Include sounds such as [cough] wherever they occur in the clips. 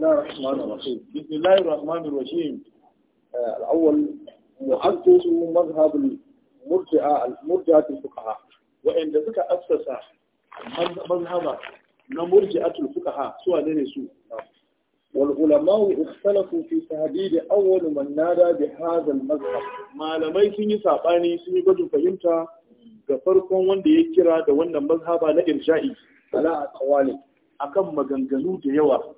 الله الرحمن الرحيم بسم الله الرحمن الرحيم الأول مؤسس مذهب المرجئة المرجئة الفقهاء وإن ذلك أسس مذهب مرجئة الفقهاء سوى لنسو والعلماء اختلفوا في تهديد أول من نادى بهذا المذهب ما لم يكن yi saɓani sun فهمتا gwajin fahimta ga farkon wanda ya kira da wannan mazhaba na irja'i ala aqwali akan maganganu da yawa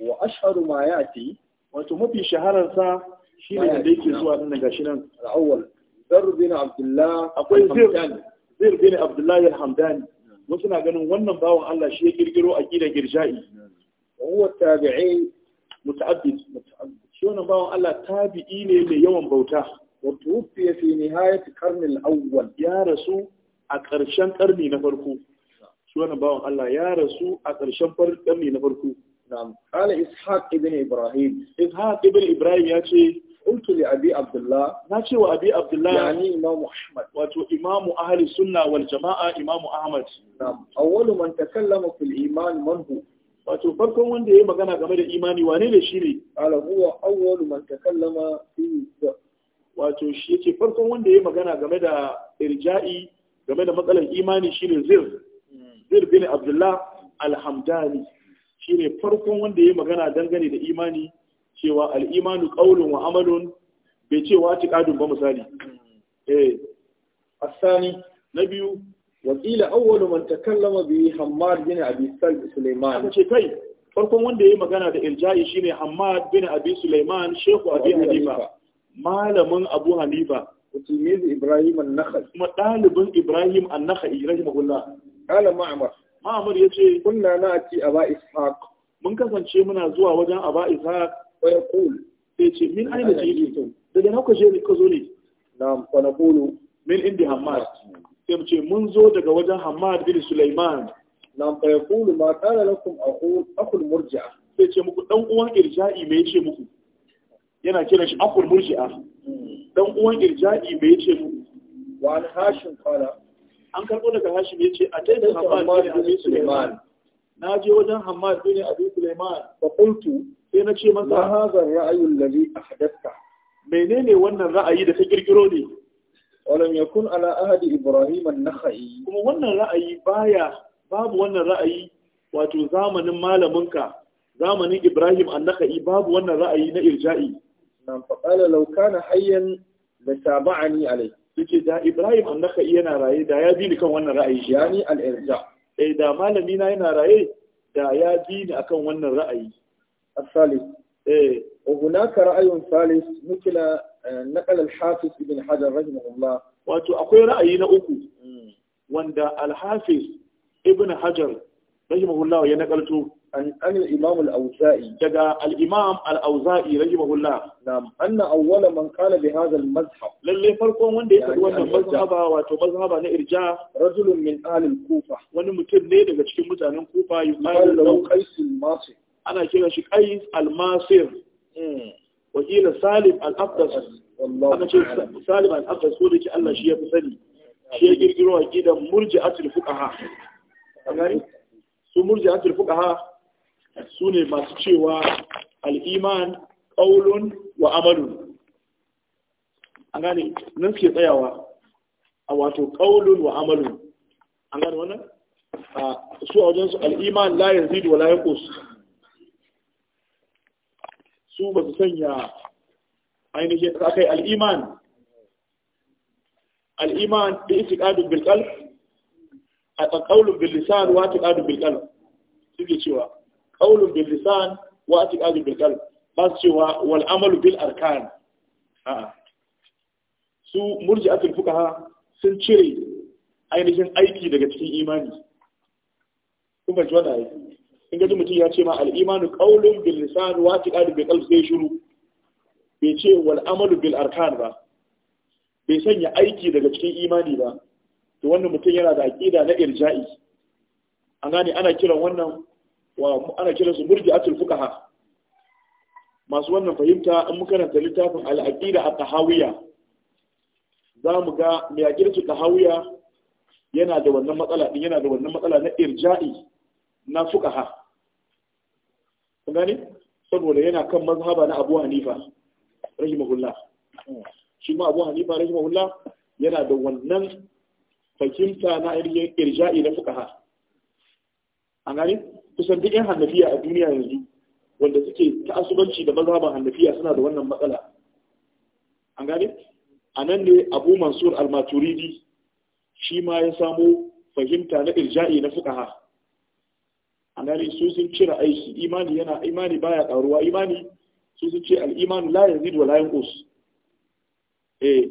wa ashharu ma yati wato mafi shaharar sa shine da yake zuwa nan shi nan al-awwal zar bin abdullah akwai zir zir bin abdullah al-hamdani wasu na ganin wannan bawan Allah shi ya kirkiro aqida girja'i wa huwa tabi'i muta'addid shi wannan bawan Allah tabi'i ne mai yawan bauta wa tuwfiya fi nihayat qarn al-awwal ya rasu a ƙarshen ƙarni na farko shi wannan bawan Allah ya rasu a ƙarshen ƙarni na farko نعم قال إسحاق ابن إبراهيم إسحاق ابن إبراهيم يأتي قلت لأبي عبد الله ناتي وأبي عبد الله يعني إمام أحمد وتو إمام أهل السنة والجماعة إمام أحمد نعم أول من تكلم في الإيمان من هو wato farkon wanda ya yi magana game da imani wane ne shi ne ala huwa awwalu man takallama fi wato shi yake farkon wanda ya yi magana game da irja'i game da matsalar imani shine zir hmm. zir alhamdani shine farkon wanda ya magana dangane da imani cewa al'imanu ƙaunin wa amalun bai ce wa ƙadun ba misali. Eh, asani na biyu, wakila awwalu man takallama bi Hammad bin Abi Sulaiman. Aka ce kai, farkon wanda ya magana da irja'i shine Hammad bin Abi Sulaiman, Shehu Abi Hanifa, malamin Abu Hanifa. Mutumizu Ibrahim an-Nakhai. Kuma ɗalibin Ibrahim an-Nakhai rahimahullah. Qala Ma'mar. Ma'amur ya ce, Kunna na ci aba Ishaq. Mun kasance muna zuwa wajen a Ishaq. Wa ya kul. Sai ce, Min aina ce yi Daga na kwashe ne ka zo ne. Na kwana kulu. Min indi Hamad. Sai mu ce, Mun zo daga wajen Hamad bin Sulaiman. Na kwaya kulu ma kala lakum akul murji'a. Sai ce muku ɗan uwan irja'i me ce muku. Yana kiran shi akul murji'a. Ɗan hmm. uwan irja'i mai ce muku. Wa an hashin kwana. an karɓo daga hashim ya ce a ta da hamad bin suleiman na je wajen hamad bin abin suleiman fa sai na ce masa hadha ra'ayin alladhi ahdatha menene wannan ra'ayi da ta kirkiro ne walam yakun ala ahadi ibrahim na nakhai kuma wannan ra'ayi baya babu wannan ra'ayi wato zamanin malaminka zamanin ibrahim an-nakhai babu wannan ra'ayi na irja'i nan fa qala law kana hayyan la taba'ani alayhi suke da Ibrahim annaka yana raye da ya bi ni kan wannan ra'ayi yani al-irja eh da malami na yana raye da ya bi ni akan wannan ra'ayi as-salis eh wa hunaka ra'ayun salis nukila نقل الحافظ ابن حجر رحمه الله wato akwai ra'ayi na uku hmm. wanda alhafiz ibn hajar rahimahullah ya nakalto an an al-imam al-awza'i daga al-imam al-awza'i rahimahullah nam anna awwala man qala bi hadha al-mazhab lalle farkon wanda ya faɗi wannan mazhaba wato mazhaba na irja rajulun min ahli al-kufa wani mutum ne daga cikin mutanen kufa yuqalu qais al-masir ana kira shi qais al-masir hmm. wa qila salim al abdas ana ce salim al abdas ko da ke Allah shi ya fi sani shi ya kirkiro aqidan murji'atul fuqaha su murji'atul fuqaha su ne masu cewa al'iman ƙaulun wa amalun an gane nan suke tsayawa a wato ƙaulun wa amalun an gane wannan su a su al'iman layan zidu wa layan ƙosu su ba su sanya ainihin akai al'iman al'iman da isi ƙadun bilkal a ƙaƙaulun bilisan wata ƙadun bilkal suke cewa kaulun bil lisan wa atiqadu bil qalb ba su cewa wal amalu bil arkan a'a su murji'atul fuqaha sun cire ainihin aiki daga cikin imani kuma ji wannan ayi in ga mutum ya ce ma al-imanu qaulun bil lisan wa atiqadu bil qalb sai shiru bai ce wal amalu bil arkan ba bai sanya aiki daga cikin imani ba to wannan mutum yana da aqida na irja'i an gane ana kiran wannan wa ana kiransu murji'atul fuqaha masu wannan fahimta an muka karanta littafin al-aqida at-tahawiyya za mu ga mai aqidatu tahawiyya yana da wannan matsala din yana da wannan matsala na irja'i na fuqaha kun gani? saboda yana kan mazhaba na Abu Hanifa rahimahullah shi ma Abu Hanifa rahimahullah yana da wannan fahimta na irja'i na fuqaha an gani? kusan duk yan hannafiya a duniya yanzu wanda suke ta'asubanci da mazhaban hannafiya suna da wannan matsala an gane a nan ne abu mansur al-maturidi shi ma ya samo fahimta na irja'i na fuqaha an gane su sun cire aiki imani yana imani baya karuwa imani su sun ce al-imanu la yazid wa la yanqus eh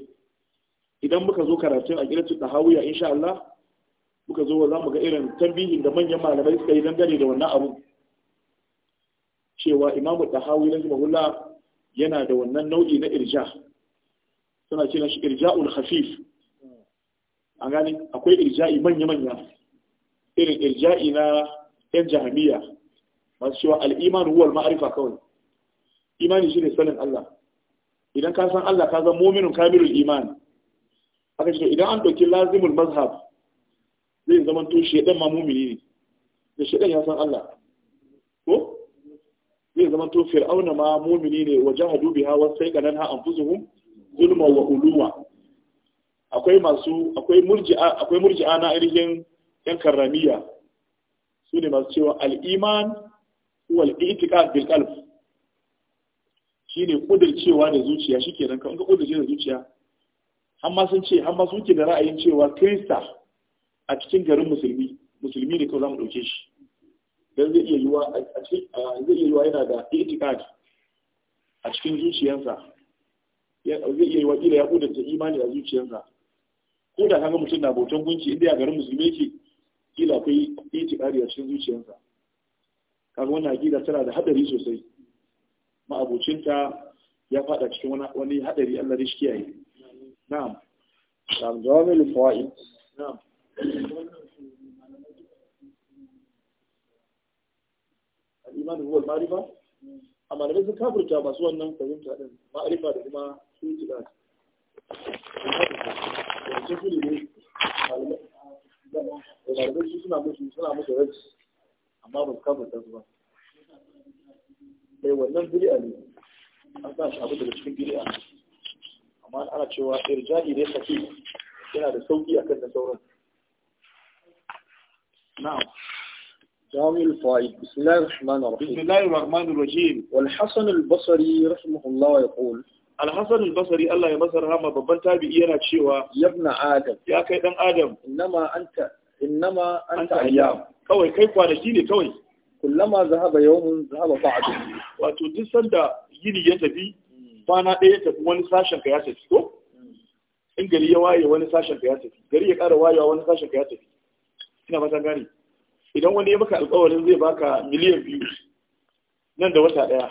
idan muka zo karatun a gidan tahawiya insha Allah muka zo za mu ga irin tambihin da manyan malamai suka yi dangane da wannan abu cewa imamu hawi na Hul'a yana da wannan nau'i na irja suna ce na shi Ul hafif an gani akwai irja'i manya-manya irin irja'i na yan jahamiya masu cewa al'iman huwal ma'arifa kawai imani shi ne sanin Allah idan ka san Allah ka zan mominin kamilul iman aka ce idan an ɗauki lazimul mazhab zai zama to shedan ma mumini ne da shedan ya san Allah ko zai zama to fir'auna ma mumini ne wajen jahadu biha wa sai kanan ha anfusuhum zulma wa uluma akwai masu akwai murji'a akwai murji'a na irin yan karramiya su ne masu cewa al-iman wal itiqad bil qalb shine kudircewa da zuciya shikenan kan ka kudirce da zuciya amma sun ce amma sun ke da ra'ayin cewa krista a cikin garin musulmi musulmi ne kawai za mu ɗauke shi don zai iya yiwa a cikin zai iya yiwa yana da itikad a cikin zuciyarsa zai iya yiwa kila ya kudanta imani a zuciyarsa ko da kaga mutum na bautan gunki inda ya garin musulmi ke kila akwai itikadi a cikin zuciyarsa kaga wannan aqida tana da hadari sosai ma'abocinta ya faɗa cikin wani hadari Allah ya shi kiyaye na'am na'am jawamil fawaid na'am da ruwan ma'arifa a malamai sun kafurta masu wannan fahimta din ma'arifa da kuma sun ji da su su ne malamai su suna musu suna musu rai amma ba su kafurta ba mai wannan biri'a ne an sa shi abu daga cikin biri'a amma ana cewa irja'i ne saki yana da sauki akan na sauran نعم جامع الفائد بسم الله الرحمن الرحيم بسم الله الرحمن الرحيم والحسن البصري رحمه الله يقول الحسن البصري الله يبصر هما ببن تابعي yana cewa yabna adam ya kai dan adam innama anta innama anta kawai kai kwanaki ne kawai kullama zahaba yawmun zahaba ba'd wato duk sanda yini ya tafi kwana ɗaya tafi wani sashen ka ya tafi in gari ya waye wani sashen ka ya tafi gari ya wayewa wani sashen ka ya tafi ina ba gane idan wani ya baka alƙawarin zai baka miliyan biyu nan da wata ɗaya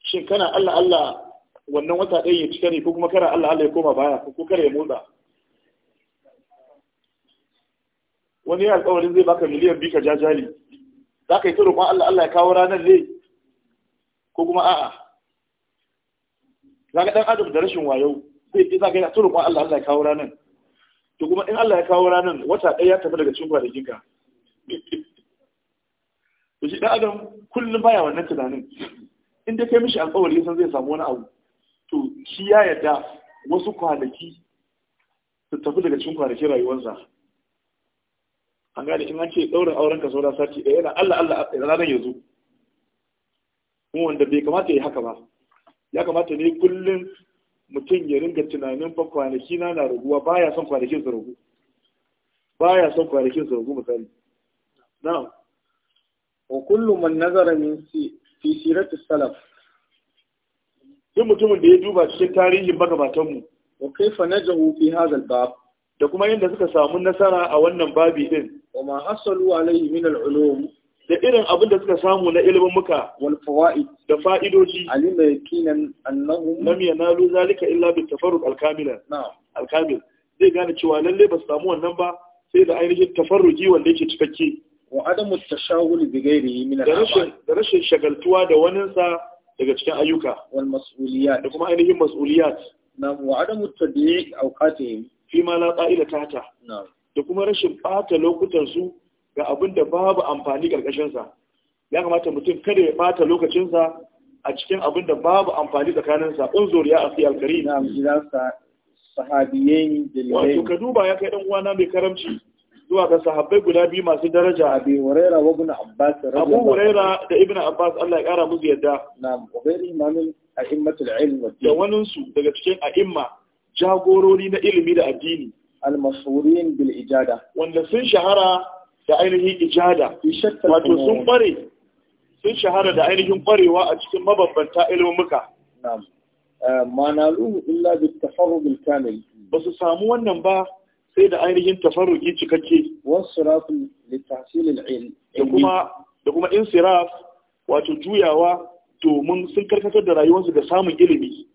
shin kana Allah Allah wannan wata ɗaya ya cika ne ko kuma kana Allah Allah ya koma baya ko kada ya motsa wani ya alƙawarin zai baka miliyan biyu ka jajali za ka yi turu kuma Allah Allah ya kawo ranar ne ko kuma a'a za ka ɗan adam da rashin wayo zai za ka yi turu kuma Allah Allah ya kawo ranar to kuma in Allah ya kawo ranar wata ɗaya ya tafi daga cikin kwanakin ka to shi adam kullum baya wannan tunanin in dai kai mishi alƙawari san zai samu wani abu to shi ya yarda wasu kwanaki su tafi daga cikin kwanakin rayuwarsa an gane in an ce ɗaurin auren ka saura sati ɗaya yana Allah Allah ranar ya zo wanda bai kamata ya yi haka ba ya kamata ne kullum mutum ya ringa tunanin fa kwanaki na na raguwa baya son kwanakin su ragu baya son kwanakin su ragu misali na'am wa kullu man nazara min fi sirati salaf duk mutumin da ya duba cikin tarihin magabatan mu wa kaifa najahu fi hadha al-bab da kuma yadda suka samu nasara a wannan babi din wa ma hasalu alayhi min al-ulum da irin abin da suka samu na ilimin muka wal fawaid da fa'idoji Na yakinan na lam yanalu zalika illa bi tafarruq al kamila na'am al kamil zai gane cewa lalle ba su samu wannan ba sai da ainihin tafarruji wanda yake cikakke wa adamu tashawul bi ghairihi min al da rashin shagaltuwa da sa daga cikin ayyuka wal mas'uliyat da kuma ainihin mas'uliyat na'am wa adamu tadyiq awqatihim fi ma la qa'ila tahta na'am da kuma rashin bata lokutan su ga abin da babu amfani ƙarƙashinsa ya kamata mutum kada ya bata lokacinsa a cikin abin da babu amfani tsakaninsa unzur a afi alkari na amjinansa sahabiyain dalilai wato ka duba ya kai dan uwana mai karamci zuwa ga sahabbai guda biyu masu daraja abi huraira wa ibn abbas abu huraira da ibn abbas Allah ya kara musu yadda na'am wa ghairi imamin a'immatul ilm wa da wanin su daga cikin a'imma jagorori na ilimi da addini al-mashhurin bil ijada wanda sun shahara da ainihin ijada wato sun kware sun shahara da ainihin kwarewa a cikin mabambanta ilmumuka manaluhu eh, illa bi tafarrugil kamil ba su samu wannan ba sai da ainihin tafarrugi cikakke wasiraf li tahsil al ilm da kuma in kuma wato juyawa domin sun karkatar da rayuwarsu da samun ilimi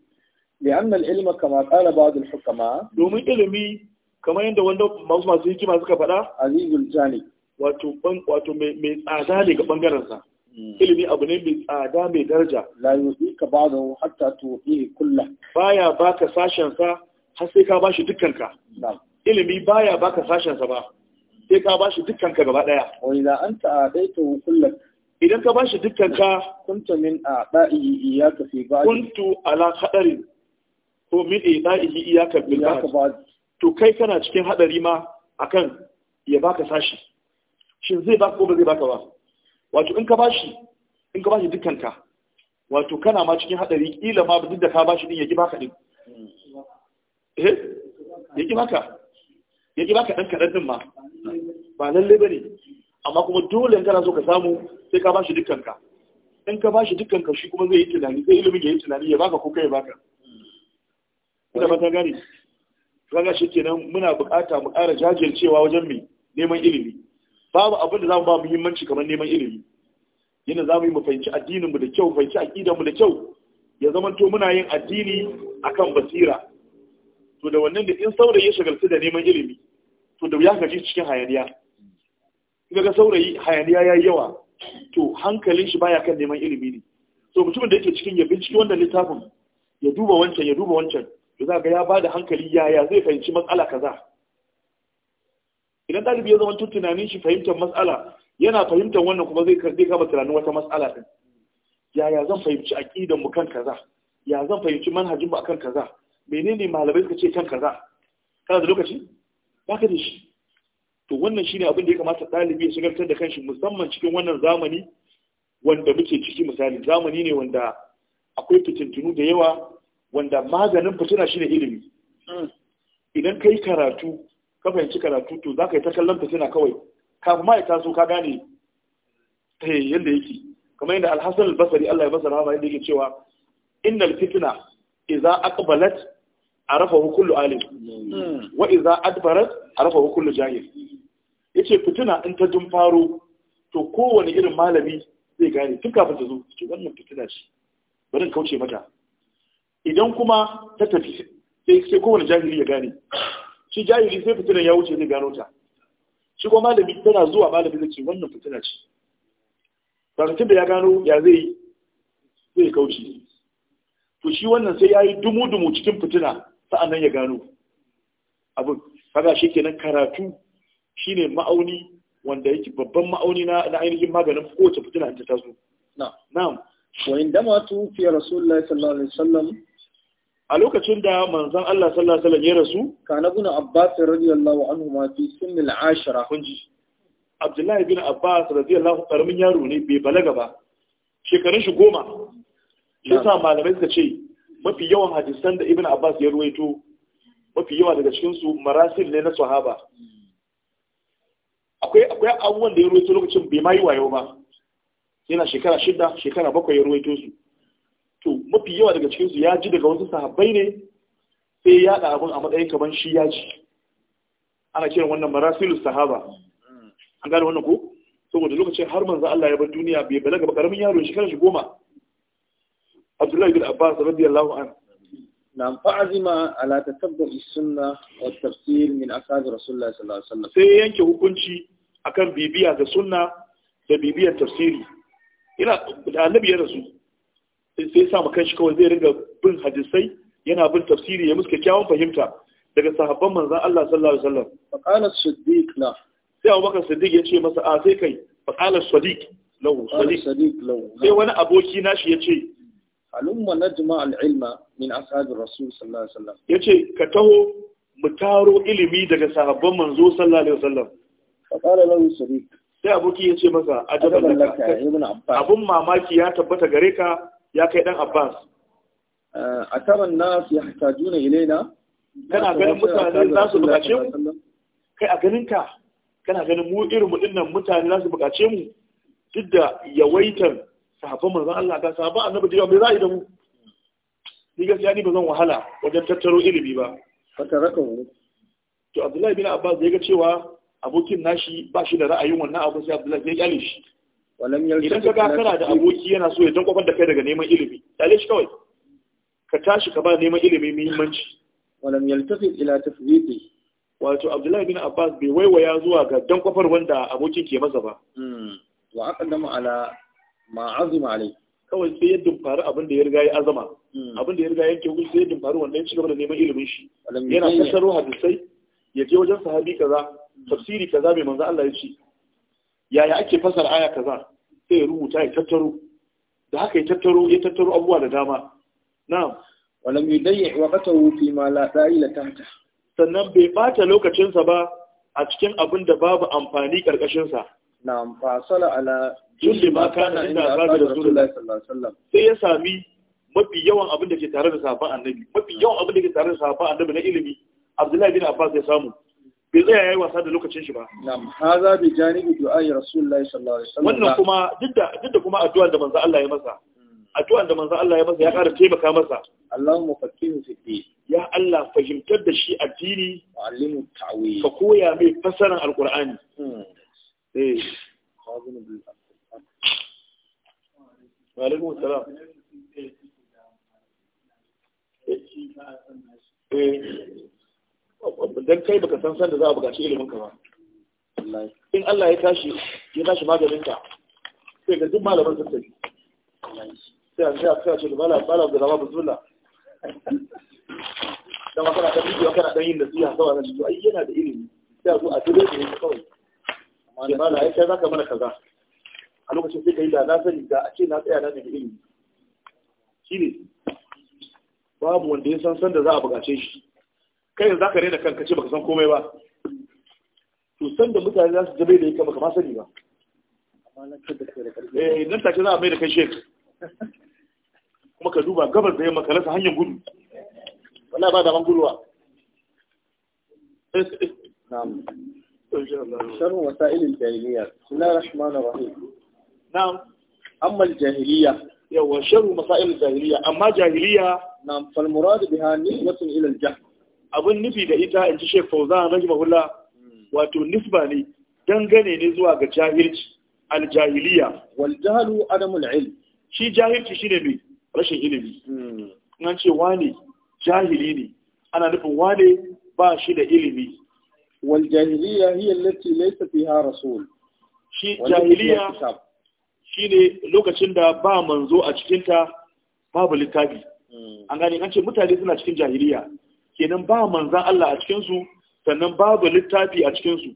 لأن العلم كما قال بعض الحكماء دومين علمي كما يند وند موسما سيكي ما سكا فدا عزيز الجانب wato wato mai tsada ne ga bangaren sa hmm. ilimi abu ne mai tsada mai daraja la yusika ba'dahu hatta tu'i kullah baya baka sashen sa har sai ka bashi dukkan ka ilimi baya baka sashen sa ba sai ka bashi dukkan ka gaba daya wa idza anta adaita kullak idan ka bashi dukkan ka kunta min ada'i iyyaka fi ba'd kuntu ala khadarin ko min ada'i iyyaka bil ba'd to kai kana cikin hadari ma akan ya baka sashi shin zai ba ko ba zai baka ba wato in ka bashi in ka bashi ka wato kana ma cikin hadari kila ma duk da ka bashi din yaki baka din eh yaki baka yaki baka dan kadan din ma ba lalle bane amma kuma dole in kana so ka samu sai ka bashi ka, in ka bashi ka shi kuma zai yi tunani zai ilimin ya yi tunani ya baka ko kai ya baka ina ba ta gane kaga shi kenan muna bukata mu ƙara jajircewa wajen mai neman ilimi babu abin da za mu ba muhimmanci kamar neman ilimi yana mu yi mu fahimci addinin mu da kyau fahimci a mu da kyau ya zamanto muna yin addini akan basira to da wannan da in saurayi ya shagaltu da neman ilimi to da ya gaji cikin hayaniya in ga saurayi hayaniya ya yi yawa to hankalin shi baya kan neman ilimi ne so mutumin da yake cikin ya binciki wannan littafin ya duba wancan ya duba wancan to za ga ya bada hankali yaya zai fahimci matsala kaza idan ɗalibi ya zama tunanin shi fahimtar matsala yana fahimtar wannan kuma zai zai kama tunanin wata matsala din yaya zan fahimci aqidan mu kan kaza ya zan fahimci manhajin mu akan kaza menene malamai suka ce kan kaza kana da lokaci baka da shi to wannan shine abin da ya kamata ɗalibi ya shigartar da kanshi musamman cikin wannan zamani wanda muke ciki misali zamani ne wanda akwai fitintunu da yawa wanda maganin fitina shine ilimi mm. idan kai karatu ka fahimci karatu to za ka yi ta kallon fitina kawai kafin ma ya taso ka gane ta eh, yadda yake kamar yadda alhassan albasari allah ya basara ma yadda yake cewa innal fitina idza aqbalat arafahu kullu alim wa idza adbarat arafahu kullu jahil yace fitina in ta dun faro to kowane irin malami zai gane tun kafin ta zo ce wannan fitina ce bari kauce mata idan kuma ta tafi sai kowane jahili ya gane shi jahili sai fitilar ya wuce zai gano ta shi kuma malami tana zuwa malami zai ce wannan fitina ce karatun da ya gano ya zai zai kauce to shi wannan sai ya yi dumu-dumu cikin fitina sa'annan ya gano abin kaga shi kenan karatu shine ma'auni wanda yake babban ma'auni na ainihin maganin kowace fitina ta taso na'am wa indama tu fi rasulullahi sallallahu alaihi wasallam a lokacin da manzon Allah sallallahu alaihi wasallam ya rasu kana guna Abbas radiyallahu anhu ma fi sunnil ashara kunji Abdullahi bin Abbas radiyallahu karamin yaro ne bai balaga ba shekarun shi goma shi sa malamai suka ce mafi yawan hadisan da Ibn Abbas ya ruwaito mafi yawa daga cikin su marasil ne na sahaba akwai akwai abubuwan da ya ruwaito lokacin bai ma yi wayo ba yana shekara shida shekara bakwai ya ruwaito su to mafi yawa daga cikinsu ya ji daga wasu sahabbai ne sai ya da abun a matsayin kaman shi ya ji ana kiran wannan marasilu sahaba an gane wannan ko saboda lokacin har manzo Allah ya bar duniya bai balaga ba karamin yaro kan shi goma Abdullahi bin Abbas radiyallahu anhu nam فعزم على ala السنة والتفسير من أصحاب رسول الله صلى الله عليه وسلم sai yanke hukunci akan bibiya da sunna da bibiyar tafsiri ina da annabi ya rasu sai sa maka shi kawai zai ringa bin hadisai yana bin tafsiri ya musu kyakkyawan fahimta daga sahabban manzan Allah sallallahu alaihi wasallam faqala siddiq la sai Abu Bakar Siddiq ya ce masa a sai kai faqala sadiq lahu siddiq law sai wani aboki nashi ya ce halumma najma al-ilma min ar rasul sallallahu alaihi wasallam ce ka taho mu taro ilimi daga sahabban manzo sallallahu alaihi wasallam faqala lahu sadiq sai aboki ya ce masa ajaban laka abun mamaki ya tabbata gare ka ya kai dan Abbas eh, ataran nas yahtajuna na kana ganin mutane za su bukace mu kai a ganin ka kana ganin mu irin mu dinnan mutane za su bukace mu duk da yawaitar sahabban manzon Allah ga sahabban annabi da me zai yi da mu ni gaskiya ni ba zan wahala wajen tattaro ilimi ba fatarakahu to Abdullahi bin Abbas ya ga cewa abokin nashi ba shi da ra'ayin wannan abu sai Abdullahi ya kyale shi idan ka ga kana da aboki yana so ya tankwafar da kai daga neman ilimi dale shi kawai ka tashi ka ba neman ilimi muhimmanci walam yaltafi ila tafwidi wato abdullahi bin abbas bai waiwaya zuwa ga dankwafar wanda abokin ke masa ba hmm. wa aqaddama ala ma azima alai kawai sai ya dumfari abin da ya riga ya azama hmm. abin da ya riga yanke hukunci sai ya dumfari wanda ya cigaba da neman ilimin shi yana kasaro hadisai ya je wajen sahabi kaza hmm. tafsiri kaza mai manzo Allah ya ce yaya ake fasara aya kaza sai rubuta ya tattaro da haka ya tattaro ya tattaro abuwa da dama na'am walam yudayyi waqtahu fi ma la da'ila tahta sannan bai bata lokacinsa ba a cikin abin da babu amfani karkashin sa na'am fa sala ala julli ma kana inda asabi rasulullahi sallallahu alaihi wasallam sai ya sami mafi yawan abin da ke tare da sahabban annabi mafi yawan abin da ke tare da sahabban annabi na ilimi abdullahi bin abbas ya samu bai zai yayi wasa da lokacin shi ba na'am haza bi janibi du'ai rasulullahi sallallahu alaihi wasallam wannan kuma duk da duk da kuma addu'ar da manzo Allah ya masa hmm. addu'ar da manzo Allah ya masa ya ƙara taimaka masa Allahumma faqihu fi din ya Allah fahimtar da shi addini allimu ta'wil ka koya mai fasaran alqur'ani hmm. eh wa alaikum assalam eh, eh. dan kai baka san sanda za a buƙaci ilimin ka ba in Allah ya tashi ya tashi maganin ka sai ga duk malaman sun tafi sai an ga sai ce malam malam da zama bismillah dan kana da bidiyo kana dan yin nasiha kawai nan to ai yana da ilimi sai a zo a tare da shi kawai amma da malam ai kai zaka mana kaza a lokacin sai kai da na sani da a ce na tsaya na da ilimi shine babu wanda ya san sanda za a bukace shi kai yanzu ka rena kanka ce baka san komai ba to san da mutane za su jabe da yake baka ma sani ba eh nan take za a mai da kai shek kuma ka duba gabar da yamma ka rasa hanyar gudu wallahi ba da man guduwa na'am شر وسائل الجاهلية بسم الله الرحمن الرحيم نعم أما الجاهلية يا وشر مسائل الجاهلية أما جاهلية نعم فالمراد بها نسبة إلى الجهل abin nufi da ita in ci shek fauzan mahula. wato nisba ne dangane ne zuwa ga jahilci aljahiliya wal jahalu adamul ilm shi jahilci ne mai rashin ilimi hmm. An ce wane jahili ne ana nufin wane ba shi da ilimi wal jahiliya hiya allati laysa fiha rasul shi jahiliya shi ne lokacin da ba manzo a cikinta babu littafi hmm. an gane an ce mutane suna cikin jahiliya kenan ba manzan Allah a cikinsu sannan babu littafi a cikinsu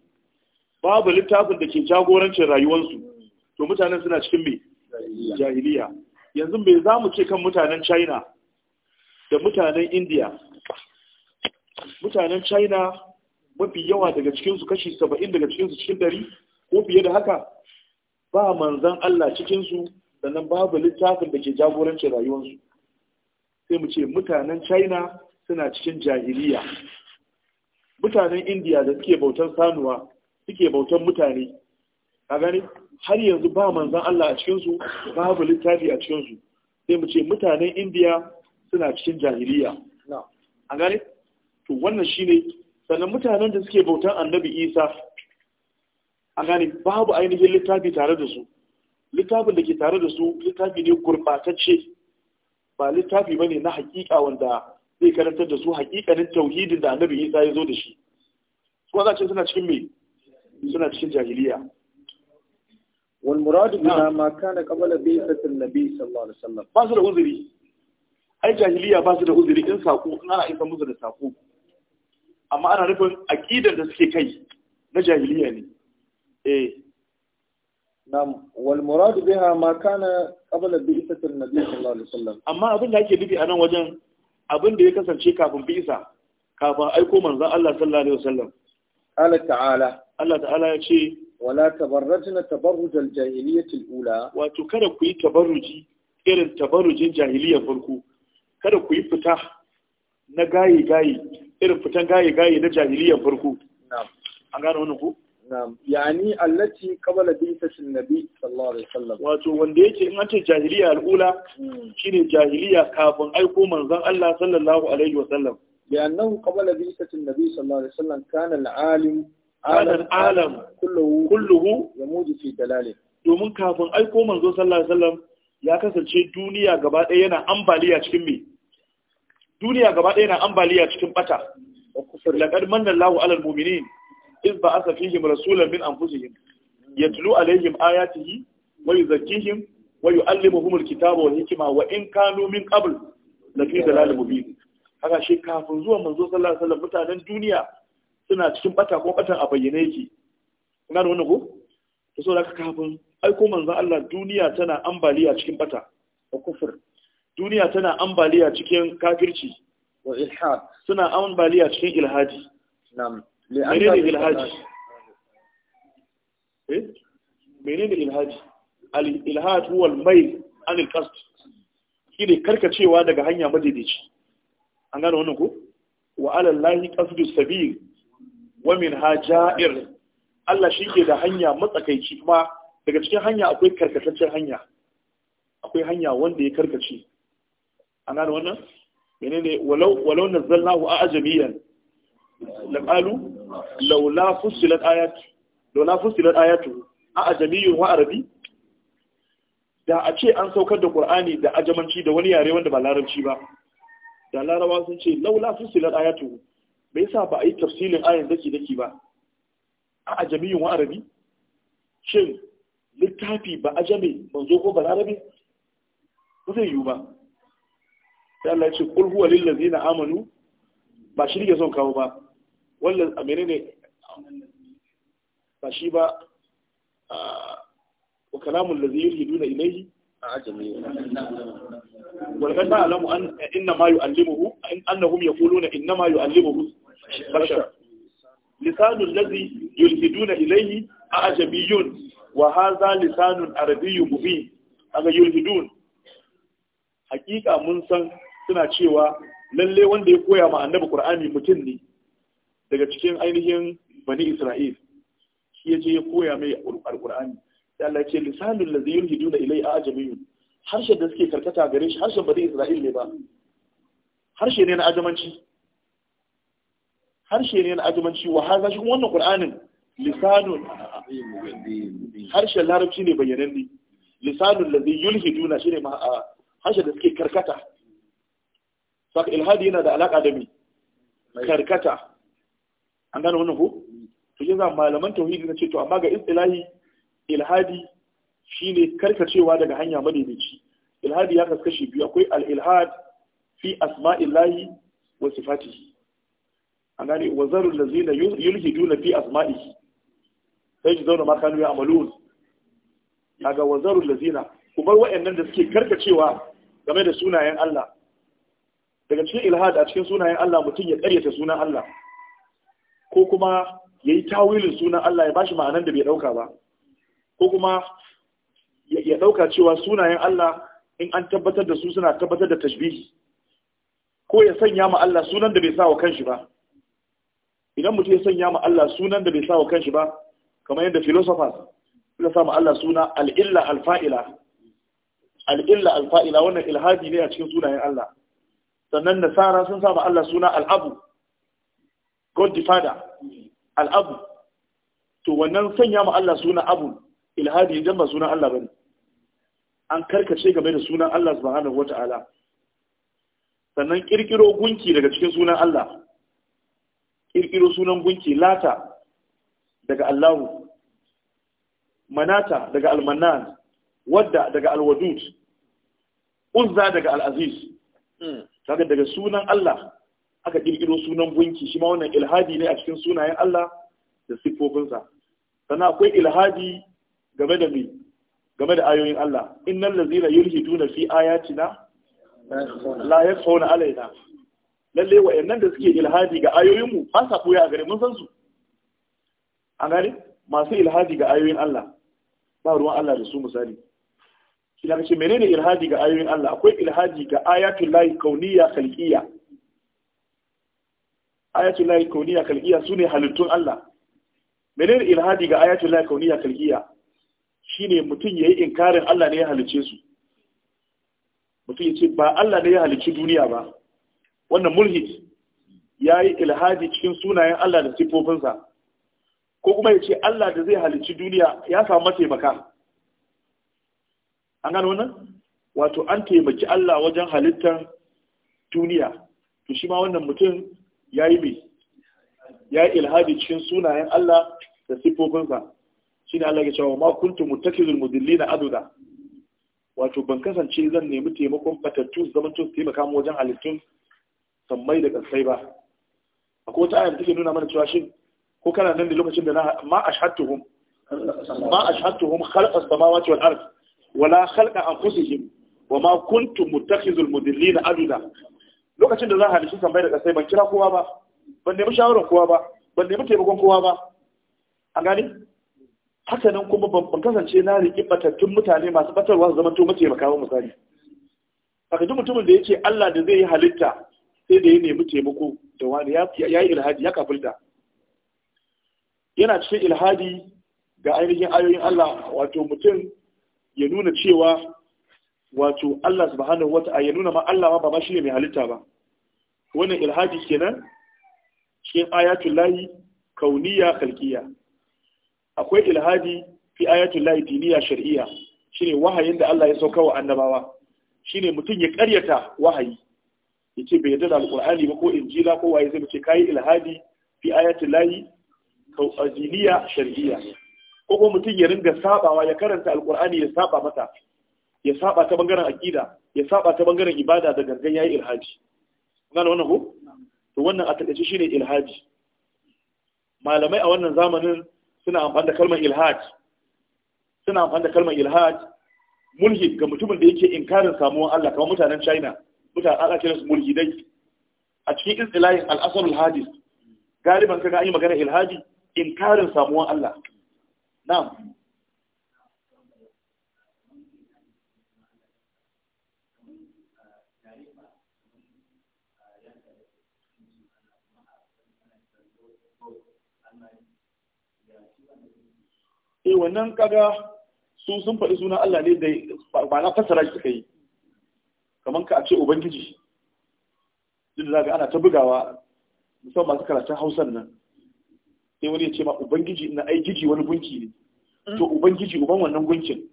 babu littafin da ke jagorancin rayuwarsu to mutanen suna cikin mai jahiliya yanzu mai za mu ce kan mutanen china da mutanen india mutanen china mafi yawa daga cikinsu kashi saba'in daga cikinsu cikin dari ko fiye da haka ba manzan Allah cikinsu sannan babu littafin da ke jagorancin rayuwarsu sai mu ce mutanen china suna cikin jahiliya mutanen indiya da suke bautan sanuwa suke bautan mutane a gani har yanzu ba manzan Allah a cikinsu babu littafi a cikinsu sai mu ce mutanen indiya suna cikin jahiliya a gani to wannan shi ne sannan mutanen da suke bautan annabi isa a gani babu ainihin littafi tare da su littafin da ke tare da su littafi ne gurɓatacce. ba littafi ba ne na hakika wanda zai karantar da su hakikanin tauhidin da annabi isa ya zo da shi su za ce suna cikin me suna cikin jahiliya wal muradu bi ma kana bi bi'satin nabi sallallahu alaihi wasallam ba su da uzuri ai jahiliya ba su da uzuri in sako in ana isa musu da sako amma ana nufin aqidar da suke kai na jahiliya ne eh nam wal muradu biha ma kana bi bi'satin nabi sallallahu alaihi wasallam amma abin da ake dubi a nan wajen abin da ya kasance kafin bisa kafin aiko manzan Allah sallallahu alaihi wasallam Allah ta'ala Allah ta'ala ya ce wala tabarrajna tabarruj al-jahiliyyah al-ula wato kada ku yi tabarruji irin tabarrujin jahiliyyar farko kada ku yi fita na gaye gaye irin fitan gaye gaye na jahiliyyar farko na'am an gane wannan ku Na'am, yani allati qabala bi'satin nabi sallallahu alaihi wasallam. Wato wanda yake in an ce jahiliya al'ula hmm. shine jahiliya kafin aiko manzon Allah sallallahu alaihi wasallam. لأنه قبل بعثة النبي Nabi sallallahu alaihi wasallam kana al'alim alal alam كله kulluhu يموج fi دلاله domin kafin aiko manzon sallallahu alaihi wasallam ya kasance duniya gaba ɗaya yana ambaliya cikin me duniya gaba ɗaya yana ambaliya cikin bata laqad manna Allahu alal mu'minin iz ba asa fihim rasulan min anfusihim yatlu alaihim ayatihi wa yuzakkihim wa yu'allimuhum alkitaba wal hikma wa in kanu min qabl lafi dalal mubin haka shi kafin zuwa manzo sallallahu alaihi wasallam mutanen duniya suna cikin bata ko batan a bayyane yake kuna da wannan ko to so haka kafin aiko manzo Allah duniya tana ambaliya cikin bata da kufur duniya tana ambaliya cikin kafirci wa ilhad suna ambaliya cikin ilhadi na'am menene ilhaji eh menene ilhaji al ilhaj huwa al mail an al qasd shine karkacewa daga hanya madaidaici an gane wannan ko wa ala allahi qasdu sabil wa min hajair Allah shi ke da hanya matsakaici kuma daga cikin hanya akwai karkataccen hanya akwai hanya wanda ya karkace an gane wannan menene walau walau nazzalnahu a ajamiyan laqalu laula fusilat ayatu laula fusilat ayatu a ajamiyyun wa da a ce an saukar da qur'ani da ajamanci da wani yare wanda ba larabci ba da larabawa sun ce laula fusilat ayatu me yasa ba a yi tafsilin ayan daki daki ba a ajamiyin wa arabi shin littafi ba ajami manzo ko ba larabi ba zai yiwu ba sai Allah ya ce qul huwa lil ladina amanu ba shi ne son kawo ba wallan a menene ba shi ba a kalamun da zai yi duna ilayi a ajami walqad ta'lamu an inna ma yu'allimuhu in annahum na inna ma yu'allimuhu bashar lisanul ladhi duna ilayi a ajamiyun wa hadha lisanun arabiyyun mubin aga dun hakika mun san suna cewa lalle wanda ya koya ma annabi qur'ani mutum ne daga cikin ainihin bani Isra'il shi ya je ya koya mai alƙur'ani da Allah ce lisanul ladzi yulhiduna ilai ajamiyun Harshe da suke karkata gare shi harshen bani Isra'il ne ba harshe ne na ajamanci harshe ne na ajamanci wa haza shi wannan Qur'anin lisanul Harshe larabci ne ne lisanul ladzi yulhiduna shine ma Harshe da suke karkata saka ilhadi yana da alaka da mi karkata an gane wannan ko to yin za malaman tauhidi na ce to amma ga istilahi ilhadi shine karkacewa daga hanya madaidaici ilhadi ya kaskashi biyu akwai al-ilhad fi asma'illahi wa sifatihi an gane wa zaru lazina yulhiduna fi asma'ihi sai ji zauna ma kanu ya amalun kaga wa zaru lazina ku bar nan da suke karkacewa game da sunayen Allah daga cikin ilhad a cikin sunayen Allah mutum ya karyata sunan Allah ko kuma ya yi tawilin sunan Allah ya ba shi ma'anan da bai ɗauka ba ko kuma ya ɗauka cewa sunayen Allah in an tabbatar da su suna tabbatar da tashbihi ko ya sanya ma Allah sunan da bai sa wa kanshi ba idan mutum ya sanya ma Allah sunan da bai sa wa kanshi ba kamar yadda philosophers suka sa ma Allah suna al'illa alfa'ila al'illa alfa'ila wannan ilhadi ne a cikin sunayen Allah sannan nasara sun sa ma Allah suna al'abu god the father al'abu to wannan sanya ma Allah suna abu ilhadi idan ba sunan Allah ne. an karkace game da sunan Allah su subhanahu wata'ala sannan ƙirƙiro gunki daga cikin sunan Allah Ƙirƙiro sunan gunki lata daga Allahu manata daga almanan wadda daga alwadud uzza daga al'aziz hmm. daga sunan Allah aka ƙirƙiro sunan gunki shi ma wannan ilhadi ne a cikin sunayen Allah da siffofinsa sannan akwai ilhadi game da mai game da ayoyin Allah innal ladzina yulhiduna fi ayatina la yakhawna alaina lalle wayannan da suke ilhadi ga ayoyin mu ba sa koya a gare mun san su an gane masu ilhadi ga ayoyin Allah ba ruwan Allah da su misali Kina, da kace menene ilhadi ga ayoyin Allah akwai ilhadi ga ayatul lahi kauniyya khalqiyya ayatul lahi kauniya kalqiya sune halittun Allah menene ilhadi ga ayatul lahi kauniya kalqiya shine mutum yayi inkarin Allah ne ya halice su mutum yace ba Allah ne ya halici duniya ba wannan mulhid yayi ilhadi cikin sunayen Allah da sifofinsa ko kuma yace Allah da zai halici duniya ya samu mataimaka an gano wannan wato an taimaki Allah wajen halittar duniya to shi ma wannan mutum ya yi mai ya yi ilhadi cikin sunayen Allah da siffofinsa shi ne Allah ya cewa ma kuntu muttakizul mudilli na aduda wato ban kasance zan nemi taimakon batattu zaman tun taimaka mu wajen halittun sammai da kansai ba akwai wata ayar take nuna mana cewa shin ko kana nan da lokacin da na ma ashhadtuhum ma ashhadtuhum khalqa as-samawati wal ard wala khalqa anfusihim wa ma kuntu muttakhizul na aduda lokacin da zan halishi sammai da kasai ban kira kowa ba ban nemi shawarar kowa ba ban nemi taimakon kowa ba a gani haka kuma ban kasance na riƙi batattun mutane masu batarwa su zama to mataimaka ba misali haka duk mutumin da yake Allah da zai yi halitta sai da ya nemi taimako da wani ya yi ilhadi ya kafilta yana cikin ilhadi ga ainihin ayoyin Allah wato mutum ya nuna cewa wato Allah subhanahu wata'ala ya nuna ma Allah ma ba ma shine mai halitta ba wannan ilhadi kenan cikin ayatul lahi kauniya khalqiya akwai ilhadi fi ayatul lahi diniya shar'iyya shine wahayin da Allah ya sauka wa annabawa shine mutum ya karyata wahayi yace bai yarda da alqur'ani ba ko injila ko waye zai ce kai ilhadi fi ayatul lahi diniya shar'iyya ko mutum ya ringa sabawa ya karanta alqur'ani ya saba mata ya saba ta bangaren aqida ya saba ta bangaren ibada da gangan yayi ilhaji gane wannan ko to wannan a takaice shine ilhaji malamai a wannan zamanin suna amfani da kalmar ilhaji, suna amfani da kalmar ilhaji. mulhid ga mutumin da yake inkarin samuwar Allah kamar mutanen China mutanen Allah kiran su mulhidai a cikin istilahin al-asrul hadis galiban kaga an yi magana ilhaji inkarin samuwar Allah na'am eh wannan kaga su sun faɗi sunan Allah ne da ba na fassara shi suka yi kamar ka a ce ubangiji duk da ana ta bugawa musamman masu karatun hausan nan sai wani ya ce ma ubangiji na ai giji wani gunki ne to ubangiji uban wannan gunkin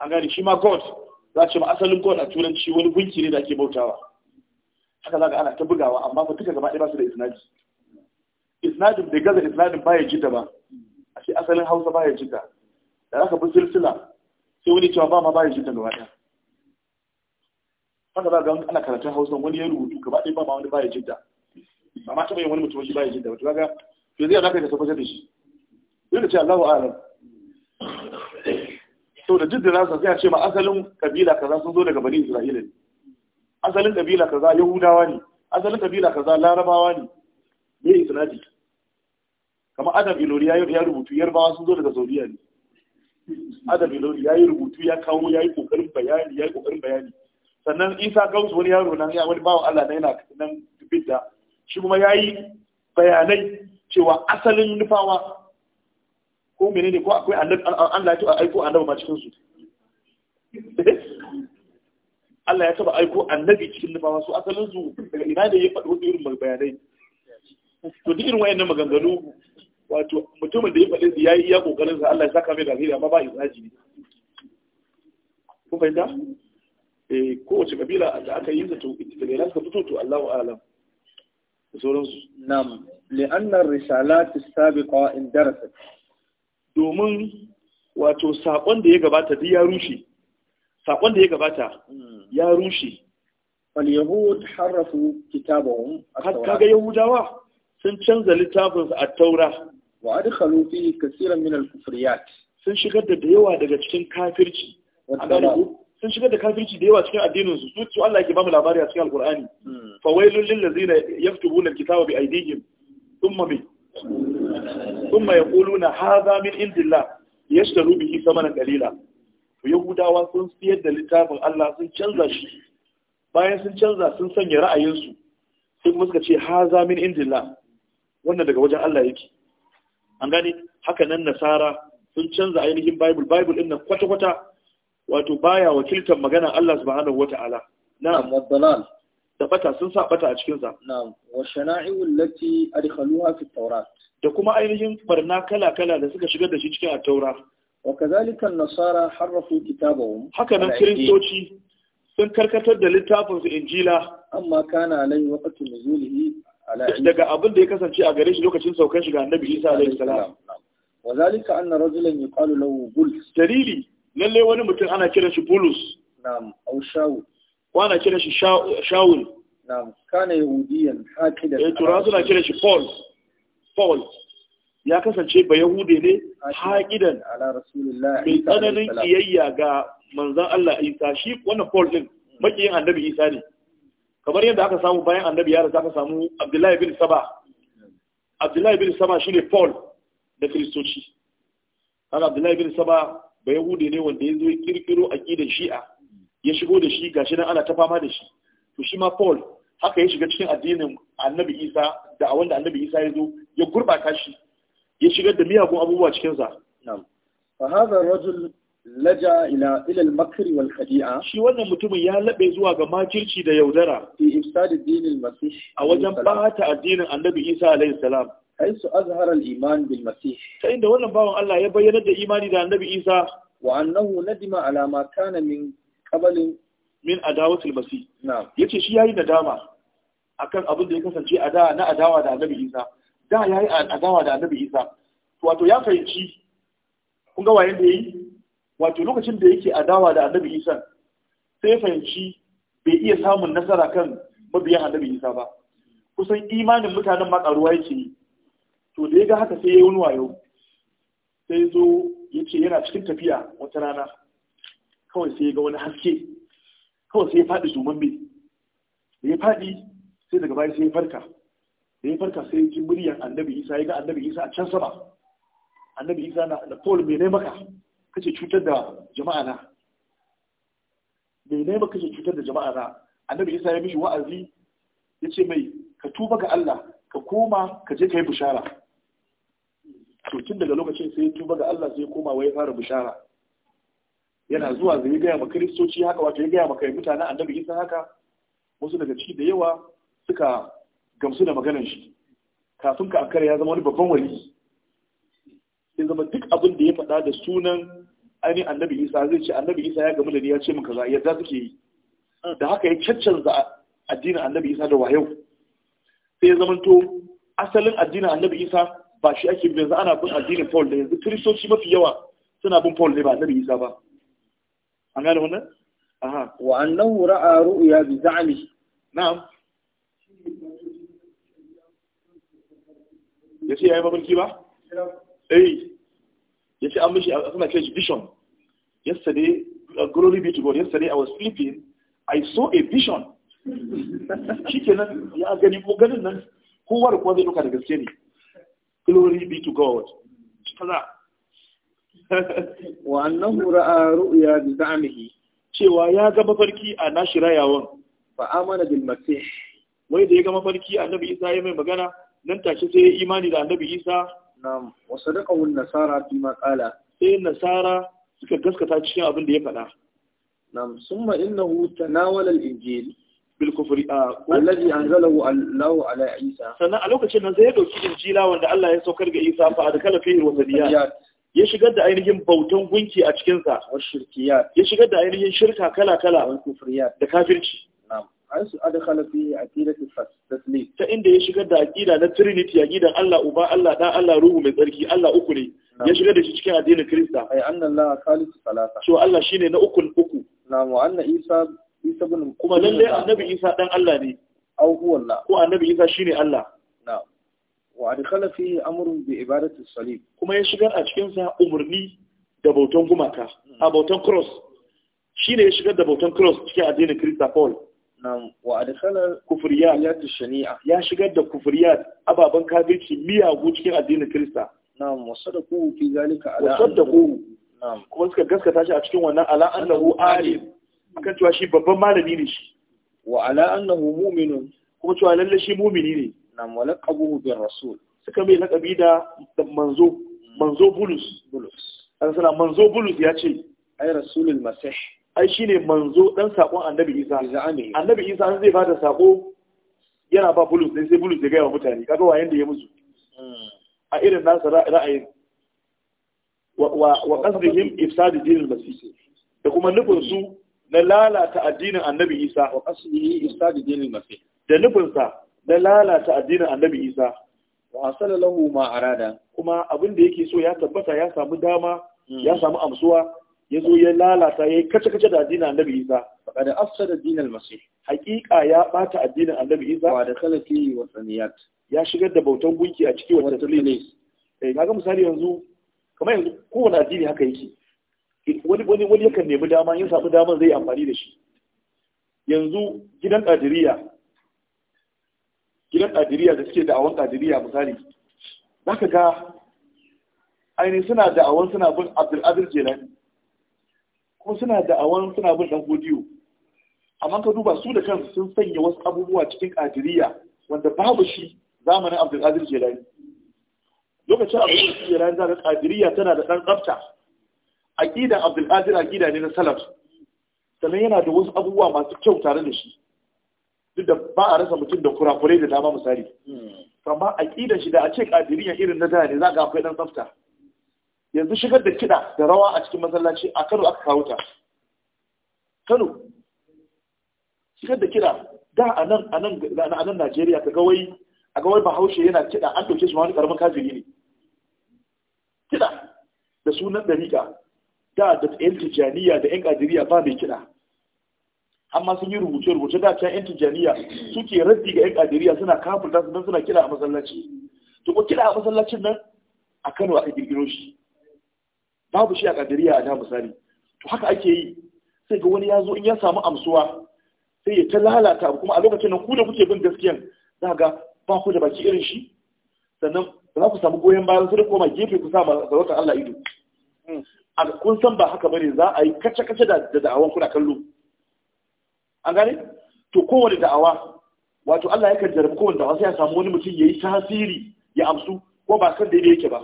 an gane shi ma god za a ce ma asalin god a turanci wani gunki ne da ake bautawa haka za ka ana ta bugawa amma fa duka gaba ɗaya ba su da isnadi isnadin bai gaza isnadin baya ji da ba a shi asalin hausa baya jika da aka bi silsila sai wani cewa ba ma baya jika gaba ɗaya haka za ga ana karatun hausa wani ya rubutu gaba ɗaya ba ma wani baya jika ba ma taɓa yin wani mutum shi baya jika ba to kaga to zai zaka ka tabbatar da shi da ce Allahu a'lam to da jidda nasa sai a ce ma asalin kabila kaza sun zo daga bani Isra'ila ne asalin kabila kaza Yahudawa ne asalin kabila kaza Larabawa ne me isnadi kamar adam ilori ya rubutu yarbawa sun zo daga saudiya ne adam ilori ya yi rubutu ya kawo ya yi kokarin bayani ya yi kokarin bayani sannan isa gausu wani yaro nan ya wani bawa allah na yana nan bidda shi kuma ya yi bayanai cewa asalin nufawa ko menene ko akwai allah ya taɓa aiko annabi ma cikin su [laughs] allah ya taɓa aiko annabi cikin nufawa su asalin su daga ina da ya faɗi wasu irin bayanai to duk irin wayannan maganganu wato mutumin da ya faɗi ya yi iya kokarin sa Allah ya saka mai da alheri amma ba zaji ne Kun fahimta eh kowace kabila da aka yi zato to daga yanzu suka fito to Allah wa a'lam da sauransu nam li'anna risalat as-sabiqa in darasat domin wato saƙon da ya gabata duk ya rushe Saƙon da ya gabata hmm. ya rushe wal yahud harafu kitabahum kaga yahudawa sun canza littafinsu a taura wa adkhalu fihi kaseeran min al-kufriyat sun shigar da da yawa daga cikin kafirci sun shigar da kafirci da yawa cikin addinin su su Allah yake ba mu labari a cikin alqur'ani hmm. fa wailul lil ladzina yaktubuna al-kitaba bi aydihim thumma bi thumma yaquluna hadha min indillah yashtaru bihi thamanan qalila to yahudawa sun siyar da littafin Allah sun canza shi bayan sun canza sun sanya ra'ayinsu sun muska ce haza min indillah wannan daga wajen Allah yake an gane haka nan nasara sun canza ainihin bible bible din nan kwata-kwata wato baya wakiltar magana Allah subhanahu wata'ala na'am wadalal da bata sun sa bata a cikin sa na wa shana'i'u allati adkhaluha fi tawrat da kuma ainihin barna kala-kala da suka shigar da shi cikin at-taura wa kadhalika an-nasara harrafu kitabahum haka nan kiristoci sun karkatar da littafin su injila amma kana alai waqtu nuzulihi daga abin da ya kasance a gare shi lokacin saukar shi ga annabi Isa alaihi salam wa zalika anna rajulan yuqalu lahu bulus dalili lalle wani mutum ana kiran shi bulus na'am aw shaul ko ana kiran shi shawul na'am kana yahudiyan hakida eh tura suna kiran shi paul paul ya kasance ba yahude ne hakidan ala rasulullahi mai tsananin wasallam ga manzon Allah Isa shi wannan paul din mm. makiyin annabi Isa ne kamar yadda aka samu bayan annabi ya za aka samu abdullahi bin saba abdullahi bin saba shi ne paul da kristoci an abdullahi bin saba ba yahude ne wanda ya zo kirkiro a aqidar shi'a ya shigo da shi gashi nan ana ta fama da shi to shi ma paul haka ya shiga cikin addinin annabi isa da wanda annabi isa ya zo ya gurbata shi ya shigar da miyagun abubuwa cikinsa na'am fa laja ila ilal makri wal khadi'a shi wannan mutumin ya labe zuwa ga makirci da yaudara fi ifsad dinil masih a wajen bata addinin annabi Isa alaihi salam haisu azhara al iman bil masih ta inda wannan bawan Allah ya bayyana da imani da annabi Isa wa annahu nadima ala ma kana min qablin min adawati al masih na'am yace shi yayi nadama akan abin da ya kasance a da na adawa da annabi Isa da yayi adawa da annabi Isa wato ya fahimci kun ga wayen da yayi wato lokacin da yake adawa da annabi isa sai fahimci bai iya samun nasara kan mabiyan annabi isa ba kusan imanin mutanen ma karuwa yake yi to da ya ga haka sai ya yi wani wayo sai zo ya ce yana cikin tafiya wata rana kawai sai ya ga wani haske kawai sai ya faɗi zuman bai da ya faɗi sai daga baya sai ya farka da ya farka sai ji muryar annabi isa ya ga annabi isa a can sama annabi isa na da paul mai ne maka kace cutar da jama'a na menene ba kace cutar da jama'a na annabi isa ya mishi wa'azi ya ce mai ka tuba ga Allah ka koma ka je ka yi bishara to tun daga lokacin sai ya tuba ga Allah sai ya koma wai fara bishara yana zuwa zai gaya ma kiristoci haka wato ya gaya ma kai mutane annabi isa haka wasu daga ciki da yawa suka gamsu da maganar shi kafin ka akara ya zama wani babban wali ya zama duk abin da ya faɗa da sunan ainihin annabi isa zai ce annabi isa ya gamu da ni ya ce min kaza yadda suke yi da haka ya caccanza addinin annabi isa da wayau sai ya zamanto asalin addinin annabi isa ba shi ake yanzu ana bin addinin paul da yanzu kiristoci mafi yawa suna bin paul ne ba annabi isa ba an gane wannan aha wa annahu ra'a ru'ya bi za'ami na'am Ya yace yayi mabarki ba eh ya ce an mishi suna ce vision yesterday uh, glory be to God yesterday I was sleeping I saw a vision [laughs] shi kenan ya gani ko ganin nan kowa da kowa zai ɗauka da gaske ne glory be to God kaza wa annahu ra'a ru'ya bi za'mihi cewa ya ga mafarki a nashi rayawan fa amana bil masih wai da ya ga mafarki annabi Isa ya mai magana nan take sai ya imani da annabi Isa na'am wa nasara fi ma sai nasara suka gaskata cikin abin da ya faɗa na'am summa innahu tanawala al-injil bil kufri alladhi anzalahu Allahu ala Isa sannan a lokacin nan sai ya dauki injila wanda Allah ya saukar ga Isa fa adkala fihi wasadiyat ya shigar da ainihin bautan gunki a cikinsa ya shigar da ainihin shirka kala-kala da kafirci haisu adkhala fi aqidat taslim ta inda ya shigar da aqida na trinity aqidan Allah uba Allah da Allah ruhu mai tsarki Allah uku ne ya shigar da shi cikin addinin Kirista ay anna Allah khaliqu salasa so Allah shine na uku uku na mu anna Isa Isa ibn kuma lalle annabi Isa dan Allah ne aw huwa Allah ko annabi Isa shine Allah na wa adkhala fi amrun bi ibadati salib kuma ya shigar a cikin sa umurni da bautan gumaka a bautan cross shine ya shigar da bautan cross cikin addinin Kirista Paul wa adkhala kufriyat shani'a ya shigar da kufriyat ababan kafirci miyagu cikin addinin Kirista nam wasadaku fi zalika ala wasadaku nam kuma suka gaskata shi a cikin wannan ala annahu alim akan cewa shi babban malami ne shi wa ala annahu mu'minun kuma cewa lalle shi mu'mini ne nam walaqabuhu bir rasul suka mai laqabi da manzo mm. manzo bulus bulus an sana manzo bulus ya ce ay rasulul masih ai shine manzo ɗan saƙon annabi isa annabi isa an zai bada saƙo yana ba bulus ne sai bulus ya gaya wa mutane kaga wa yanda ya musu hmm. a irin nasa ra'ayin wa qasdihim da din al-masih da kuma nufin su na lalata addinin annabi isa wa qasdihi ifsad din masih da nufin sa na lalata addinin annabi isa wa hasala ma arada kuma abin da yake so ya tabbata ya samu dama ya hmm. samu amsuwa ya zo ya lalata ya yi kace-kace da addinin annabi isa da afsa da addinin almasi Hakika ya ɓata addinin annabi isa wa da salafi wa saniyat ya shigar da bautan gunki a cikin wata tulile eh kaga misali yanzu kamar yanzu kowane addini haka yake wani wani wani yakan nemi dama in samu dama zai amfani da shi yanzu gidan ƙadiriya gidan ƙadiriya da suke da'awan ƙadiriya misali zaka ga ainihin suna da awon suna bin abdul adil jelani kuma suna da awon suna bin dan godiyo amma ka duba su da kansu sun sanya wasu abubuwa cikin kadiriya wanda babu shi zamanin abdulkadir jelani lokacin abdulkadir jelani zaka kadiriya tana da dan tsafta aqidan abdulkadir aqida ne na salaf sannan yana da wasu abubuwa masu kyau tare da shi duk da ba a rasa mutum da kurakurai da dama misali hmm. amma aqidan shi da a ce kadiriya irin na da ne zaka akwai dan tsafta yanzu shigar da kiɗa da rawa a cikin masallaci a kano aka kawo ta kano shigar da kiɗa da a nan najeriya ka gawai a gawai bahaushe yana kiɗa an ɗauke shi ma wani ƙaramin kajiri ne kiɗa da sunan ɗariƙa da da yanci janiya da yan ƙadiriya ba mai kiɗa amma sun yi rubuce-rubuce da can yanci janiya suke rabbi ga yan ƙadiriya suna kafin su suna kiɗa a masallaci to ko kiɗa a masallacin nan a kano aka girgiro shi babu shi a kadiriya a da misali to haka ake yi sai ga wani ya zo in ya samu amsuwa sai ya ta lalata kuma a lokacin nan ku da kuke bin gaskiyan za ga ba ku da baki irin shi sannan ba za ku samu goyon bayan sai koma gefe ku sa ma zarautar Allah ido hmm. kun san ba haka bane za a yi kace-kace da da'awan kuna kallo an gane to kowane da'awa wato Allah yakan jarabi kowane da'awa sai ya samu wani mutum ya yi tasiri ya amsu ko ba kan daidai yake ba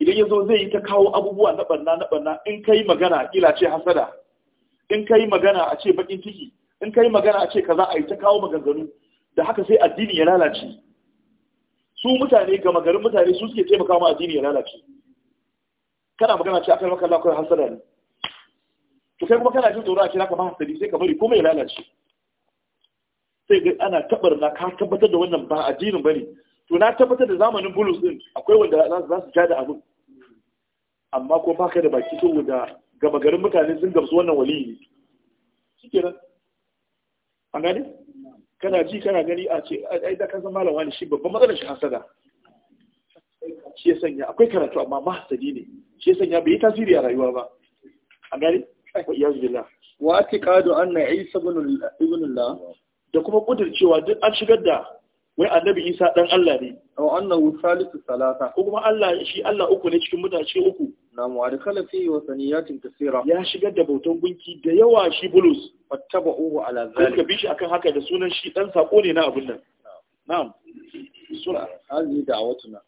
idan ya zo zai yi ta kawo abubuwa na banna na banna in kai magana kila ce hasada in kai magana a ce bakin ciki in kai magana a ce kaza a yi ta kawo maganganu da haka sai addini ya lalace su mutane gama garin mutane su suke taimaka ma addini ya lalace kana magana ce akan maka lakwai hasada ne to kai kuma kana jin tsoro a kira ka mahasadi sai ka bari kuma ya lalace sai ga ana tabar na ka tabbatar da wannan ba addinin bane to na tabbatar da zamanin bulus din akwai wanda za su ja da abin amma ko baka da baki da gaba garin mutane sun gamsu wannan wali ne nan an gane kana ji kana gani a ce ai da kasan malam wani shi babban matsalar shi hasada shi ya sanya akwai karatu amma hasadi ne shi ya sanya bai yi tasiri a rayuwa ba an gane wa iyazu billah wa atiqadu anna isa ibn allah da kuma cewa duk an shigar da wai annabi isa dan Allah ne wa annahu salisu salasa ko kuma Allah shi Allah uku ne cikin mutace uku na mu da kala fi wa saniyatin kasira ya shigar da bautan gunki da yawa shi bulus fattaba'uhu ala zalika bi shi akan haka da sunan shi dan sako ne na abin nan na'am sura hazi da'awatuna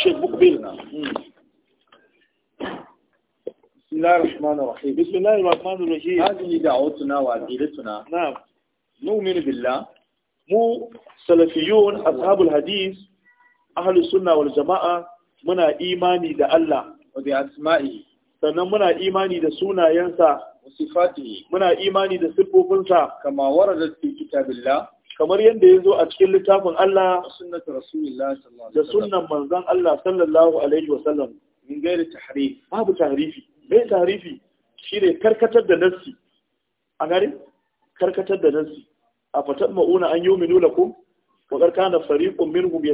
shi Bukbil na. بسم الله الرحمن الرحيم بسم الله الرحمن الرحيم هذه دعوتنا وعقيدتنا نعم nu'minu billah mu salafiyun ashabul hadis ahlus sunna wal jama'a muna imani da Allah wa asma'i sannan muna imani da sunayensa wa sifatihi muna imani da sifofinsa kama warada fi kitabillah kamar yadda ya zo a cikin littafin Allah da sunnan manzan Allah sallallahu alaihi wa sallam min gairi tahrif babu tahrifi bai tahrifi shine karkatar da nassi a gare karkatar da nasi a fatan ma'una an yuminu lakum wa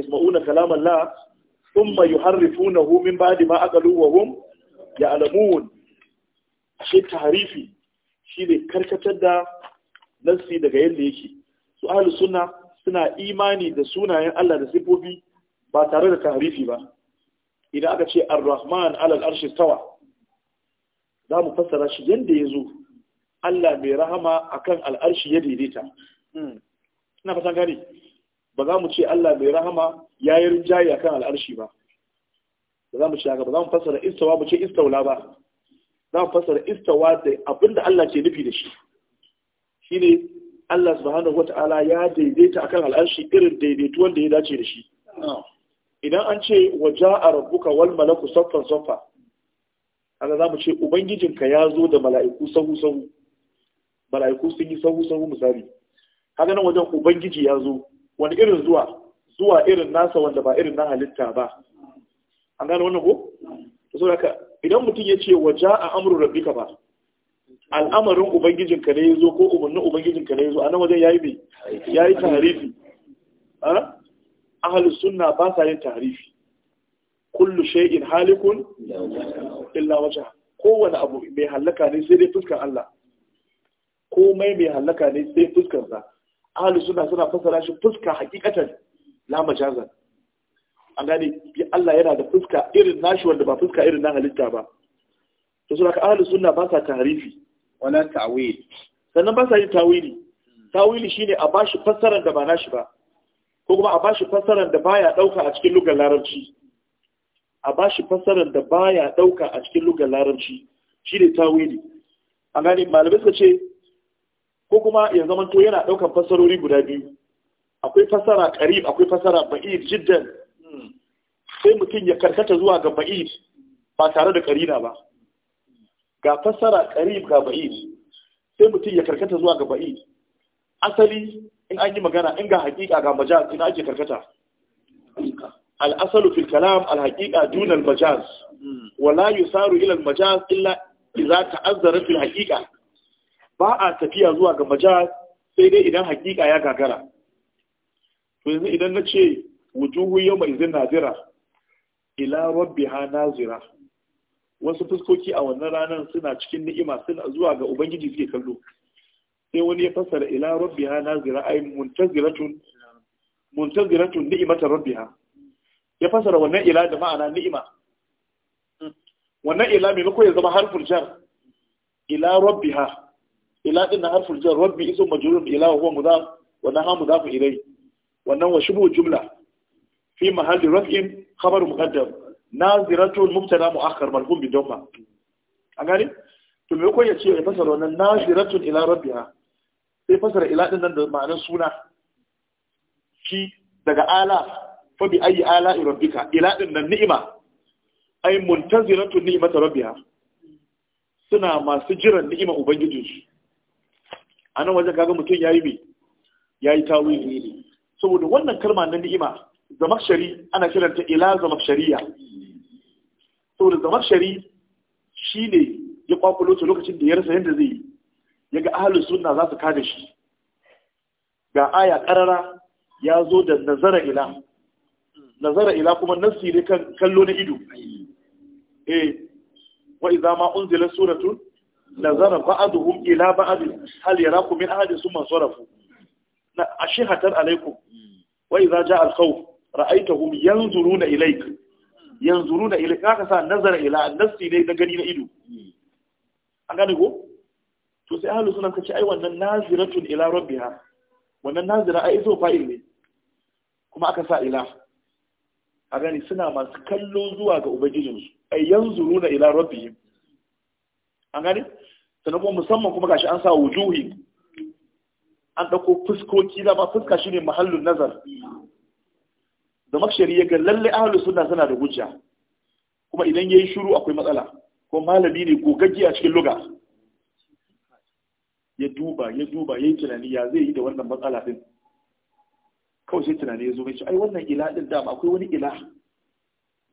ma'una kalaman la sun ma yi Allah na hu min ba'di ma aqalu wa hum ya'lamun shi ne karkatar da nasi daga yadda yake su ahli sunna suna imani da sunayen Allah da sifofi ba tare da tarifi ba idan aka ce ar-rahman ala al-arshi tawa za mu fassara shi yadda ya zo Allah mai rahama akan al'arshi ya daidaita hmm. ina fatan gani ba za mu ce Allah mai rahama ya yi rinjaye akan al'arshi ba ba za mu ce ba za mu fassara istawa mu ce istaula ba za mu fassara istawa da abinda Allah ke nufi da shi Shi ne, Allah subhanahu ta'ala ya daidaita akan al'arshi irin daidaituwan da ya dace da shi oh. idan an ce waje a rabbuka wal malaku saffan saffa kaga za mu ce ubangijinka ya zo da mala'iku sahu sahu mala'iku sun yi sahu sahu misali haka nan wajen ubangiji ya zo wani irin zuwa zuwa irin nasa wanda ba irin na halitta ba an gane wannan ko so haka idan mutum ya ce waja a amru rabbika ba al'amarin Ubangijin ka ne ya zo ko umarnin ka ne ya zo a nan wajen ya yi bai ya yi tarifi sunna ba sa yin tarifi kullu shay'in halikun illa wajha kowane abu mai halaka ne sai dai fuskar Allah komai mai halaka ne sai fuskarsa ahli suna suna fasara shi fuska hakikatan la majazan an gane Allah yana da fuska irin nashi wanda ba fuska irin na halitta ba to saboda ahli sunna ba sa tarifi wala ta'wil sannan ba sa yin tawili tawili shine a bashi fassarar da ba nashi ba ko kuma a bashi fassarar da baya dauka a cikin lugar larabci a bashi fassarar da baya dauka a cikin lugar larabci shine tawili an gane malamai suka ce ko kuma ya zama to yana daukan fassarori guda biyu akwai fassara karib akwai fassara ba'id jiddan hmm. sai mutum ya karkata zuwa ga ba'id ba tare da karina ba ga fassara karib ga ba'id sai mutum ya karkata zuwa ga ba'id asali in an yi magana in ga hakika ga majaz ina ake karkata al'asalu fil kalam al haqiqa dun al majaz hmm. wala yusaru ila al majaz illa idza ta'azzara fil haqiqa ba a tafiya zuwa ga majaz sai dai idan hakika ya gagara to yanzu idan na ce wujuhu yau mai zin nazira ila Rabbi ha nazira wasu fuskoki a wannan ranar suna cikin ni'ima suna zuwa ga ubangiji suke kallo sai wani ya fassara ila Rabbi ha nazira ai muntaziratun muntaziratun ni'imata ha. ya fassara wannan ila da ma'ana ni'ima wannan ila mai ya zama harfin jar ila Rabbi ha. ila din na harful jar rabbi ismu majrurun ila huwa mudaf wa naha mudaf ilayhi wannan wa shubu jumla fi mahalli raf'in khabar muqaddam naziratun mubtada mu'akhkhar marhum bi dhamma an gani? to me ya ce ya fasara wannan naziratun ila rabbiha sai fasara ila din nan da ma'anar suna shi daga ala fa bi ayi ala rabbika ila din nan ni'ima ay muntaziratu ni'mata rabbiha suna masu jiran ni'ima ubangijinsu a nan wajen kaga mutum ya yi mai ya yi tawili saboda wannan kalma na ni'ima shari ana kiranta ila shari'a saboda shari shi ne ya kwakwalo ta lokacin da ya rasa yadda zai yi ya ga ahalin sunna za su kada shi ga aya karara ya zo da nazara ila nazara ila kuma nassi ne kan kallo na ido eh wa idza ma unzila suratun nazara ba'aduhum ila ba'adin hal yarakum min ahadin summa sarafu na ashihatan alaikum wa idza ja'a al-khawf ra'aytahum yanzuruna Yanzu yanzuruna ilayk kaka sa nazara ila nafsi ne na gani na ido an gane ko to sai Halu suna kace ai wannan naziratun ila rabbiha wannan nazira ai zo fa'il ne kuma aka sa ila a gani suna masu kallo zuwa ga ubangijinsu ai yanzuruna ila rabbihim an gani sannan kuma musamman kuma gashi an sa wujuhi an ɗauko fuskoki dama fuska shine mahallun nazar da makshari ya ga lalle ahlus sunna suna da hujja kuma idan yayi shiru akwai matsala ko malami ne gogagge a cikin luga ya duba ya duba yayi tunani ya zai yi da wannan matsala din kawai sai tunani ya zo mai ai wannan ila din dama akwai wani ila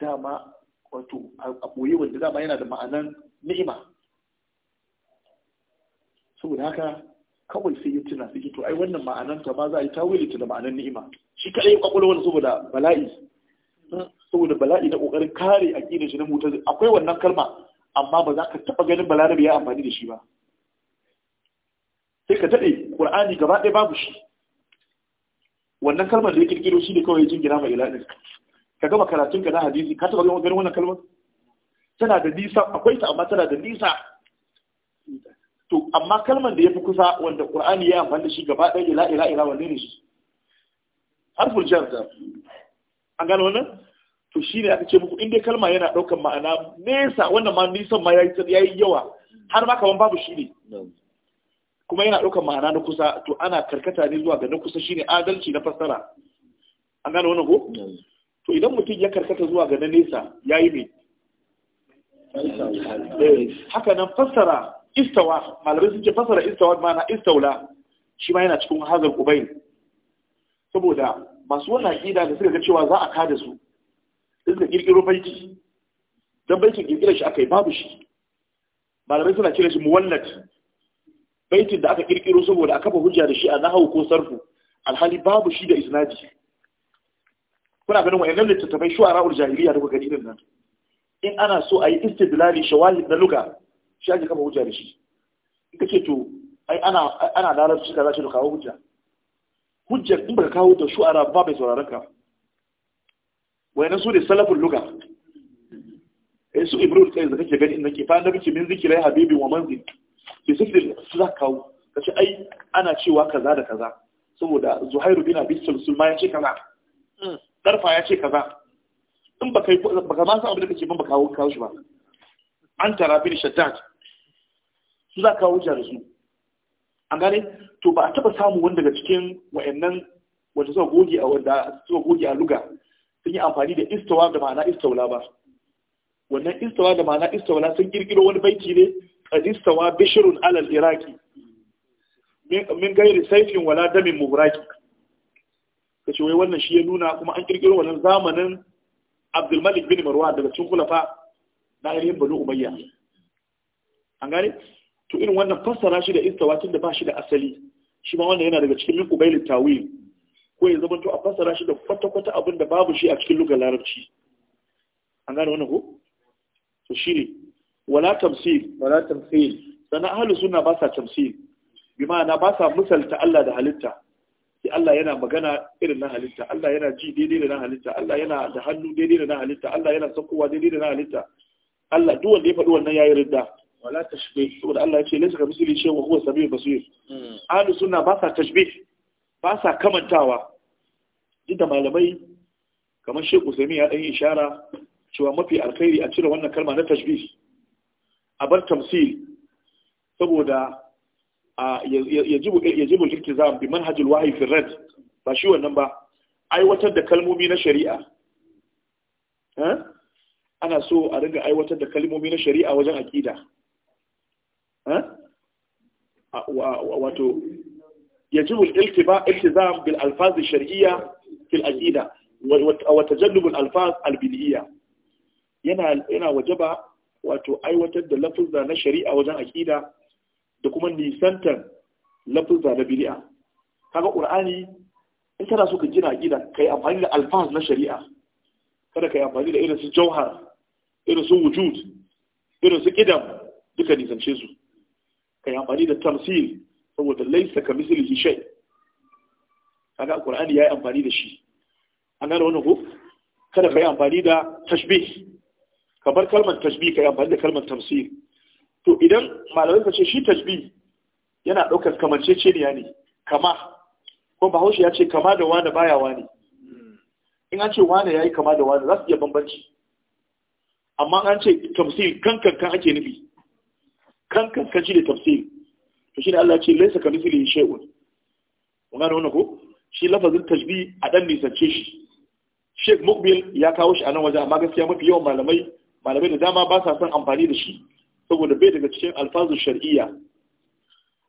dama wato a boye wanda dama yana da ma'anan ni'ima saboda haka kawai sai ya tuna sai to ai wannan ma'anar ta ma za a yi ta ta da ma'anar ni'ima shi kadai kwakwalwar saboda bala'i saboda bala'i na kokarin kare aqidar shi na mutazila akwai wannan kalma amma ba za ka taba ganin balarabe ya amfani da shi ba sai ka daɗe ƙur'ani gaba ɗaya babu shi wannan kalmar da ya ƙirƙiro shi ne kawai gina mai ilanin ka gama karatun ka na hadisi ka taɓa ganin wannan kalmar tana da nisa akwai ta amma tana da nisa to amma kalman da ya fi kusa wanda ƙur'ani ya amfani da shi gaba ɗaya ila ila ila wanne ne shi harful jar da an gano wannan to shi ne aka ce muku inda kalma yana ɗaukar ma'ana nesa wannan ma nisan ma ya yi yawa har ma kaman babu shi ne kuma yana ɗaukar ma'ana na kusa to ana karkata ne zuwa ga na kusa shi ne adalci na fassara an gano wannan ko to idan mutum ya karkata zuwa ga na nesa ya yi ne eh, haka nan fassara istawa malamai sun ce fasara istawa mana istaula shi ma yana cikin hazar kubai saboda masu wannan aqida da suka ga cewa za a kada su suka kirkiro baiti dan baitin ƙirƙirar shi akai babu shi malamai suna kira shi muwallad baitin da aka kirkiro saboda a kafa hujja da shi a nahawu ko sarfu alhali babu shi da isnadi kuna ganin wa'annan littattafai shu'ara'ul jahiliya da kuka gani nan in ana so a yi istidlali shawahid na lugha shi ake kafa hujja da shi in ce to ai ana ana larabci kaza zace da kawo hujja hujjar in ba ka kawo ta shu'ar ba bai sauraron ka Wai nan su ne salafin luga ai eh, su ibrahim kai da kake gani in nake fa na ce min zikira habibi wa manzil ke sirrin su za kawo kace ai ana cewa kaza da kaza saboda zuhairu bin abi sulsul ma ya ce kaza darfa hmm. ya ce kaza in baka ka ma san abin da kake ban ba kawo shi ba an tara bin shaddad su za ka kawo hujja da su an gane to ba a taba samu wani daga cikin wa'annan wanda suka goge a wanda suka goge a luga sun yi amfani da istawa da ma'ana istawla ba wannan istawa da ma'ana istawla sun kirkiro wani baiti ne a istawa bishirun alal Iraki. min gairi saifin wala damin mubraki ce wai wannan shi ya nuna kuma an kirkiro wannan zamanin Abdulmalik bin Marwa daga cikin kulafa na ainihin Banu Umayya an gane to irin wannan fassara shi da istawa tun da ba shi da asali shi ma wannan yana daga cikin min ubailin tawil ko ya zama to a fassara shi da kwata-kwata abin da babu shi a cikin lugar larabci an gane wannan ko to shine wala tamsil wala tamsil sana ahlus sunna ba sa tamsil bi ma'ana ba sa misalta Allah da halitta sai Allah yana magana irin na halitta Allah yana ji daidai da na halitta Allah yana da hannu daidai da na halitta Allah yana sakowa daidai da na halitta Allah duk wanda ya faɗi wannan yayi ridda wala tashbih saboda Allah ya ce laysa kamithlihi shay'un wa huwa samiul basir hmm. ahlus sunna ba sa tashbih ba sa kamantawa inda malamai kamar Sheikh Usaimi ya dan ishara cewa mafi alkhairi a cire wannan kalma na tashbih a bar tamsil saboda yajibu yajibu iltizam bi manhaj wahyi fi rad ba shi wannan ba aiwatar da kalmomi na shari'a eh? ana so a riga aiwatar da kalmomi na shari'a wajen aƙida Eh? wato yajibu al-iltiba iltizam bil alfaz shar'iyya fil aqida wa tajallub al alfaz al bid'iyya yana yana wajaba wato aiwatar da lafuzza na shari'a wajen aqida da kuma nisantar lafuzza na bid'a kaga qur'ani in kana so ka gina aqida kai amfani da alfaz na shari'a kada kai amfani da irin su jauhar irin su wujud irin su qidam duka nisance su kai amfani da tamsil saboda laisa ka mislihi shai kaga alqur'ani yayi amfani da shi an gane wannan ko kada ka yi amfani da tashbih ka bar kalmar tashbih ka yi amfani da kalmar tamsil to idan malamai ka ce shi tashbih yana ɗaukar kamanceceniya ne kama ko bahaushe ya ce kama da wani baya wani. in an ce wani ya yi kama da wani za su iya bambanci amma an ce tamsil kan kan ake nufi kan kan kan shi ne tafsiri to shi ne Allah ce laisa ka misli shay'un kuma da wannan ko shi lafazin tajbi a dan nisance shi Sheikh Mukbil ya kawo shi a nan waje amma gaskiya mafi yawan malamai malamai da dama ba sa son amfani da shi saboda bai daga cikin alfazu shar'iyya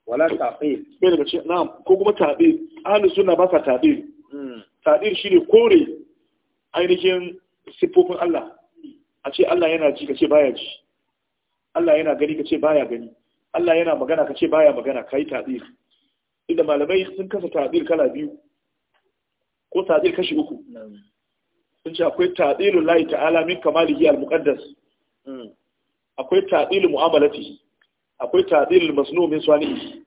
wala tabe bai daga cikin na'am ko kuma tabe ahli sunna ba sa tabe hmm. shi shine kore ainihin sifofin Allah a ce Allah yana ji ka ce baya ji Allah yana gani ka ce baya gani Allah yana magana ka ce baya magana kai ta'dil inda malamai sun kasa ta'dil kala biyu ko ta'dil kashi uku sun ce akwai ta'dilul lahi ta'ala min kamalihi al-muqaddas hmm. akwai ta'dil mu'amalati akwai ta'dil masnu min salihi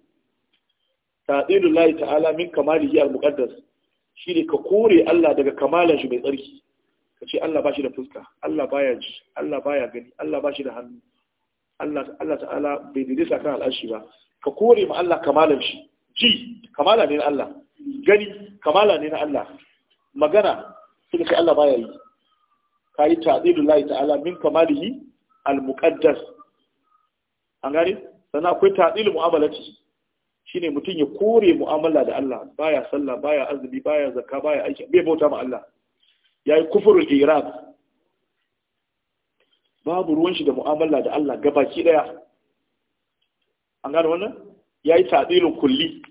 ta'dilul lahi ta'ala min kamalihi al-muqaddas shine ka kore Allah daga kamalan shi mai tsarki ka ce Allah ba shi da fuska Allah baya ji Allah baya gani Allah ba shi da hannu Allah ta'ala bai daidaita kan al'ashi ba ka kore ma Allah kamalan shi ji kamala ne na Allah gani kamala ne na Allah magana sai ka Allah baya yi kai ta'dilul lahi ta'ala min kamalihi al-muqaddas an gani? sannan akwai ta'dil mu'amalati shine mutum ya kore mu'amala da Allah baya sallah baya azumi baya zakka baya aiki bai bauta ma Allah yayi kufurul iraq babu ruwan shi da mu'amala da Allah gabaki daya an gane wannan yayi tadilun kulli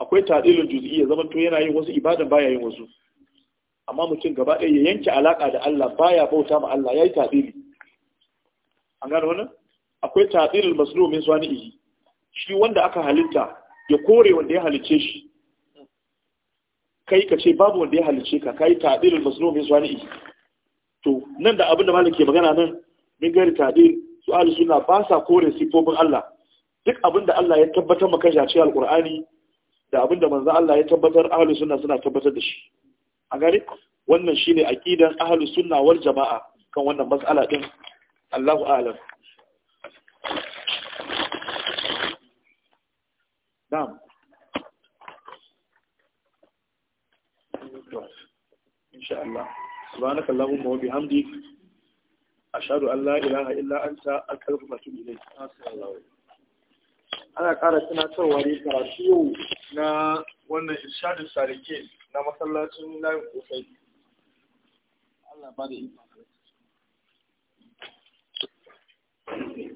akwai tadilun juz'i ya zamanto yana yin wasu ibadan baya yin wasu amma mutum gaba ɗaya ya yanke alaka da Allah baya bauta ma Allah yayi tadili an gane wannan akwai tadilul maslum min swani'i shi wanda aka halitta ya kore wanda ya halice shi kai ka ce babu wanda ya halice ka kai tadilul maslum min swani'i to nan da abin da malam ke magana nan min gari tadil su ahli sunna ba sa kore sifofin Allah duk abin da Allah ya tabbatar maka shi a cikin da abin da manzo Allah ya tabbatar ahli sunna suna tabbatar da shi a gari wannan shine aqidan ahli sunna wal jama'a kan wannan mas'ala din Allahu a'lam Allah. subhanaka allahumma wa bihamdik ashhadu an la ilaha illa anta astaghfiruka wa atubu ilayk ana ƙara tunatarwa ne karatu yau na wannan irshadin sarike na masallacin layin kosai Allah ba